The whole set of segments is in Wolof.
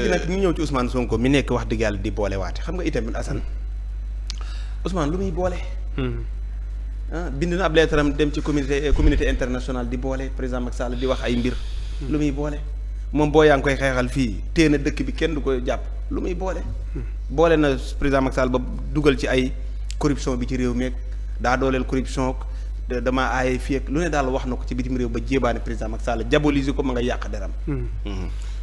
léegi nag ñu ñëw ci Ousmane Sonko mi nekk wax dëgg yàlla di boole waate xam nga itamit Assane Ousmane lu muy boole. Hmm. Ah, bind na ab leetaram dem ci communauté communité internationale di boole président Macky Sall di wax ay mbir. Hmm. lu muy boole moom boo yaa ngi koy xeexal fii téye dëkk bi kenn du ko jàpp lu muy boole. Hmm. boole na président Macky Sall ba dugal ci ay corruption bi ci réew meeg daa dooleel corruption damaa aaye fii ak lu ne daal wax na ko ci bitim réew ba jébaane président Macky Sall ko ma yàq deram.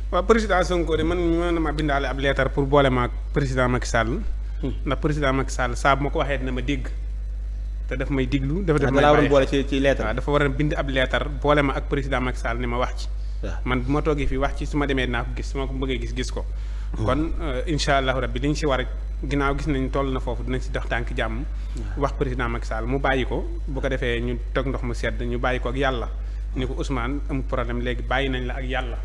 waaw président Sonko de man mën na ma bindaale ab leetar pour boole ma ak président Macky Sall. Hmm. ndax président Macky Sall saa bu ma ko waxee dina ma dégg. te daf may diglu dafa daf ah, may bàyyi boole ci ci leetar. dafa war a bind ab leetar boole ma ak président Macky ni ma wax ci. man bu ma toogee fii wax ci su ma demee naa ko gis su ma ko bëggee gis gis ko. Hmm. kon euh, incha allahu rabbi li ñu si war a ginnaaw gis nañ toll na foofu dinañ si dox tànk jàmm. Hmm. wax président Macky Sall mu bàyyi ko bu ko defee ñu toog ndox mu sedd ñu bàyyi ko yàlla. ni ko Ousmane problème léegi bàyyi nañ la ak yàlla.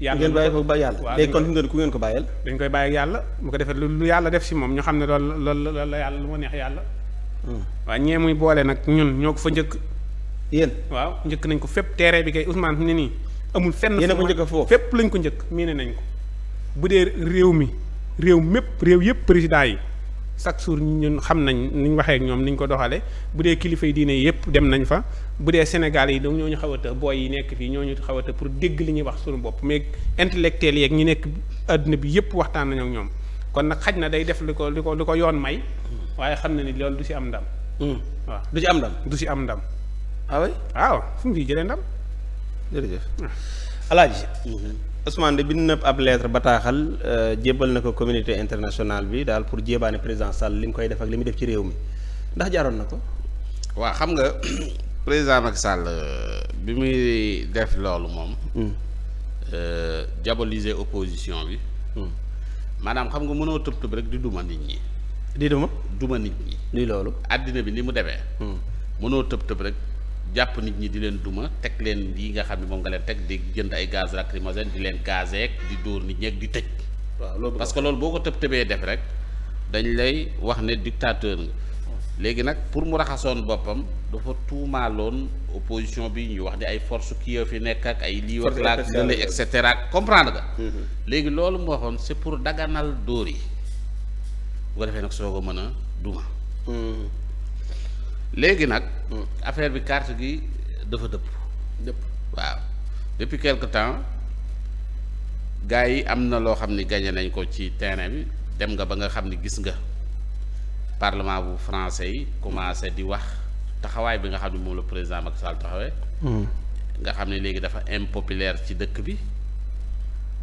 yàlla ngeen bàyyi ko ba yàlla léegi kon fi mu doon ko bàyyal dañ koy bàyyi ak yàlla bu ko defee lu yàlla def si moom ñu xam ne loolu loolu la yàlla lu ma neex yàlla hmm. waaw ñee muy boole nag ñun ñoo ko fa njëkk yéen waaw njëkk nañ ko fépp teere bi kay Ousmane fi ne nii amul fenn yéen a ko njëkk foofu fépp lañ ko njëkk ne nañ ko bu dee réew mi réew mépp réew yëpp président yi chaque jour ñun xam nañ ni ñu waxee ñoom niñ ko doxalee bu dee kilifa yi diine yëpp dem nañ fa bu dee Sénégal yi donc ñoo ñu xaw a të booy yi nekk fii ñoo ñu xaw a të pour dégg li ñuy wax suñu bopp mais intellectuels yeeg ñu nekk àddina bi yëpp waxtaan nañ ñoom kon nag xaj na day def li ko li ko li ko yoon may waaye xam na ni loolu du si am ndam. Hmm. waaw du si am ndam du si am ndam. ah oui waaw fu mu jëlee ndam. jërëjëf ah. Alaaji. Ousmane de bind na ab lettre bataaxal euh, jébbal na ko communité internationale bi daal pour jébaane président Sall li mu koy def ak li mu def ci réew mi ndax jaaroon na ko. waa xam nga président Macky Sall euh, bi muy def loolu moom. Hmm. Euh, diaboliser opposition bi. Hmm. maanaam xam nga mënoo tëb tëb rek di duma nit ñi. di duma duma nit ñi. lii loolu. àddina bi ni mu demee. Hmm. mënoo tëb tëb rek. jàpp nit ñi di leen duma teg leen yi nga xam ne moom nga leen teg di jënd ay gaz lacrymogène di leen gazeek di dóor nit ñeeg di tëj. waaw loolu parce que loolu boo ko tëb tëbee def rek dañu lay wax ne dictateur nga. léegi nag pour mu raxasoon boppam dafa tuumaaloon opposition bi ñu wax di ay force kii fi nekk ak ay lii wax laak lële et cetera comprendre nga. Mm-hmm. léegi loolu mu waxoon c'est pour daganal dóor yi bu ko defee nag soo ko mën a duma. Mm-hmm. léegi nag hmm. affaire bi carte gi dafa dëpp. dëpp waaw depuis quelque temps gars yi am na loo xam ni gagné nañ ko ci terrain bi dem nga ba nga xam ni gis nga parlement bu français yi commencé di wax taxawaay bi nga xam ne moom la président Macky Sall taxawee. Hmm. nga xam ne léegi dafa impopulaire ci dëkk bi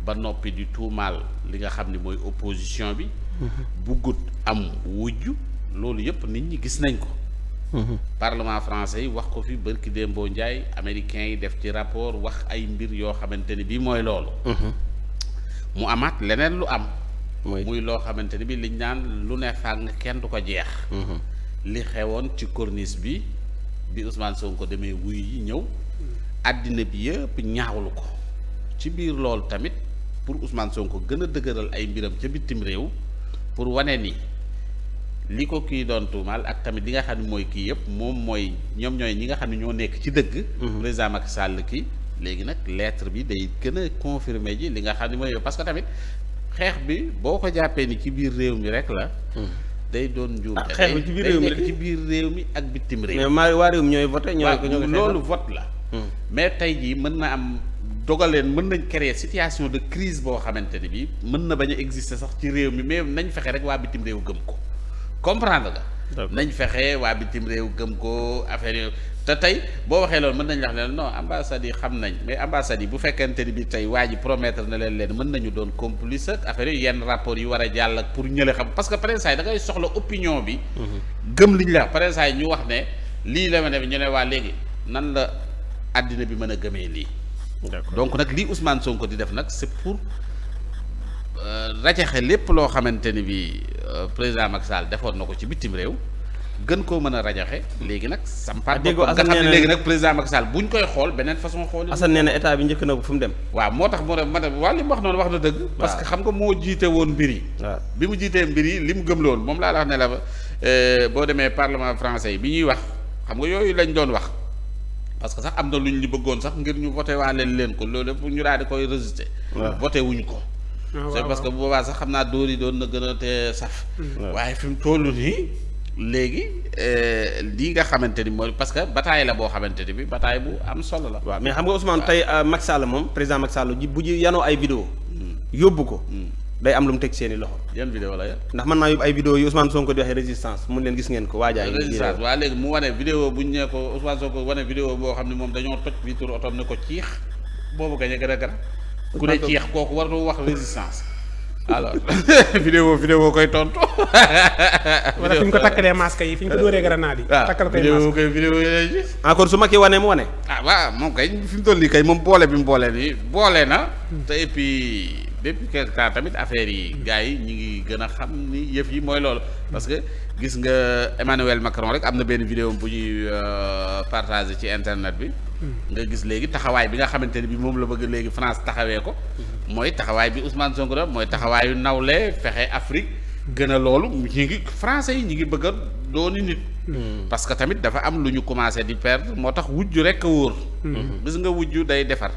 ba noppi di tuumaal li nga xam ni mooy opposition bi. bu hmm. buggut am wujj loolu yëpp nit ñi gis nañ ko. Mhm. parlement français yi wax ko fi bërki démboo njaay américains yi def ci rapport wax ay mbir yoo xamante ni bii mooy loolu mhm. mu amaat leneen lu am muy loo xamante ni bi liñ naan lu ne fàng kenn du ko jeex mhm. li xewoon ci corniche bi bi soo ko demee wuy yi ñëw àddina bi yëpp ñaawlu ko ci biir loolu tamit pour Ousmane Sonko gën a dëgëral ay mbiram ca bitim réew pour wane ni li ko kii doon tuumaal ak tamit li nga xam ne mooy kii yëpp moom mooy ñoom ñooy ñi nga xam ne ñoo nekk ci dëgg. Mhm. président Macky sàll ki léegi nag lettre bi day gën a confirmer ji li nga xam ne mooy parce que tamit xeex bi boo ko jàppee ni ci biir réew mi rek la. Mhm. day doon njuum ah, xeex bi ci biir réew mi biir réew mi ak bitim réew. maa waa réew mi ñooy voté ñooy ko ñoo loolu vote la. Mhm. mais tey jii mën na am dogaleen mën nañ créer situation de crise boo xamante ni bii mën na bañ a exister ci réew mi mais nañ fexe rek waa bitim réew gëm ko. comprendre nga. nañ fexe waa bitim réew gëm ko affaire yooyu te tey boo waxee loolu mën nañ wax leen non ambassades yi xam nañ mais ambassades yi bu fekkente ni bi tey waa ji promettre na leen leen mën nañu doon complice ak affaire yi yenn rapport yi war a jàll ak pour ñële xam parce que presse yi da ngay soxla opinion bi. Mhm. ñu la wax presse yi wax ne lii la ma bi ñu ne waa léegi nan la àddina bi mën a gëmee lii. donc nag lii Ousmane ko di def nag c'est pour euh, rajaxe lépp loo xamante ni bii Euh, président Macky Sall defoon na ko ci bitim réew gën koo mën a rajoxe léegi nag sampaat boppam nga xam ne léegi nag président Macky Sall koy xool beneen façon xool Assane nee na état bi njëkk na ko fu mu dem waaw moo tax mu ne ma ne waaw li mu wax noonu wax na dëgg parce que xam nga moo jiite woon mbir yi bi mu jiitee mbir yi li mu gëm loon moom laa ne la euh, boo demee parlement français yi bi ñuy wax xam nga yooyu lañ doon wax parce que sax am na lu ñu bëggoon sax ngir ñu voté waale leen ko loolu pour ñu daal di koy rejeté voté wuñ ko Ah, c'est parce que boobaa sax xam naa dóor yi doon na gën a te saf hmm. Hmm. waaye fi mu toll nii léegi eh, lii nga xamante ni mooy parce que bataille la boo xamante ni bi bataille bu am solo la waaw mais xam nga Ousmane tey euh, Macky Sall moom président Macky Sall ji bu ji yanoo ay vidéo hmm. yóbbu ko day am lu mu teg seen i loxo yan vidéo la yan ndax man naa yóbbu ay vidéo yi Ousmane Sonko di waxee résistance mun leen gis ngeen ko waajaay résistance waa léegi mu wane vidéo buñ ne ko Ousmane boo xam ne moom dañoo toj vitre otom ne ko ciix boobu gañ a gën a ku ne ci yax kooku war wax résistance alors vidéo vidéo koy tontu. wala fi ñu ko takkalee masque yi fi ñu ko dóoree grenade yi. Ah, takkal koy koy vidéo yi su ma kii wane mu wane. ah waaw moom kay fi mu toll nii kay moom boole bi mu boole nii boole na. Hmm. te et depuis quelque temps tamit affaire yi gars yi ñu ngi gën a xam ni yëf yi mooy loolu parce que gis nga Emmanuel Macron rek am na benn vidéo bu ñuy euh, partagé ci internet bi hmm. nga gis léegi taxawaay bi nga xamante ne bi moom la bëgg léegi France taxawee ko hmm. mooy taxawaay bi Ousmane Sonko la mooy taxawaayu nawle fexe Afrique gën a loolu ñi ngi français yi ñu ngi bëgg a dooni nit hmm. parce que tamit dafa am lu ñu commencé di perdre moo tax wujj rek a wóor gis nga wujj day defar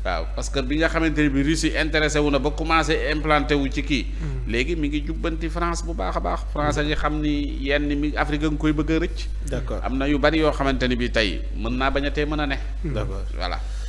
waaw parce que bi nga xamante ne bi Russie intéressé wu na ba commencé implanté wu ci kii. Hmm. léegi mi ngi jubbanti France bu baax a baax. français ñi xam ni yenn mi Afrique nga koy bëgg a rëcc. d'accord am na yu bari yoo xamante ni bi tey mën naa bañ a tee mën a ne. Hmm. d'accord voilà.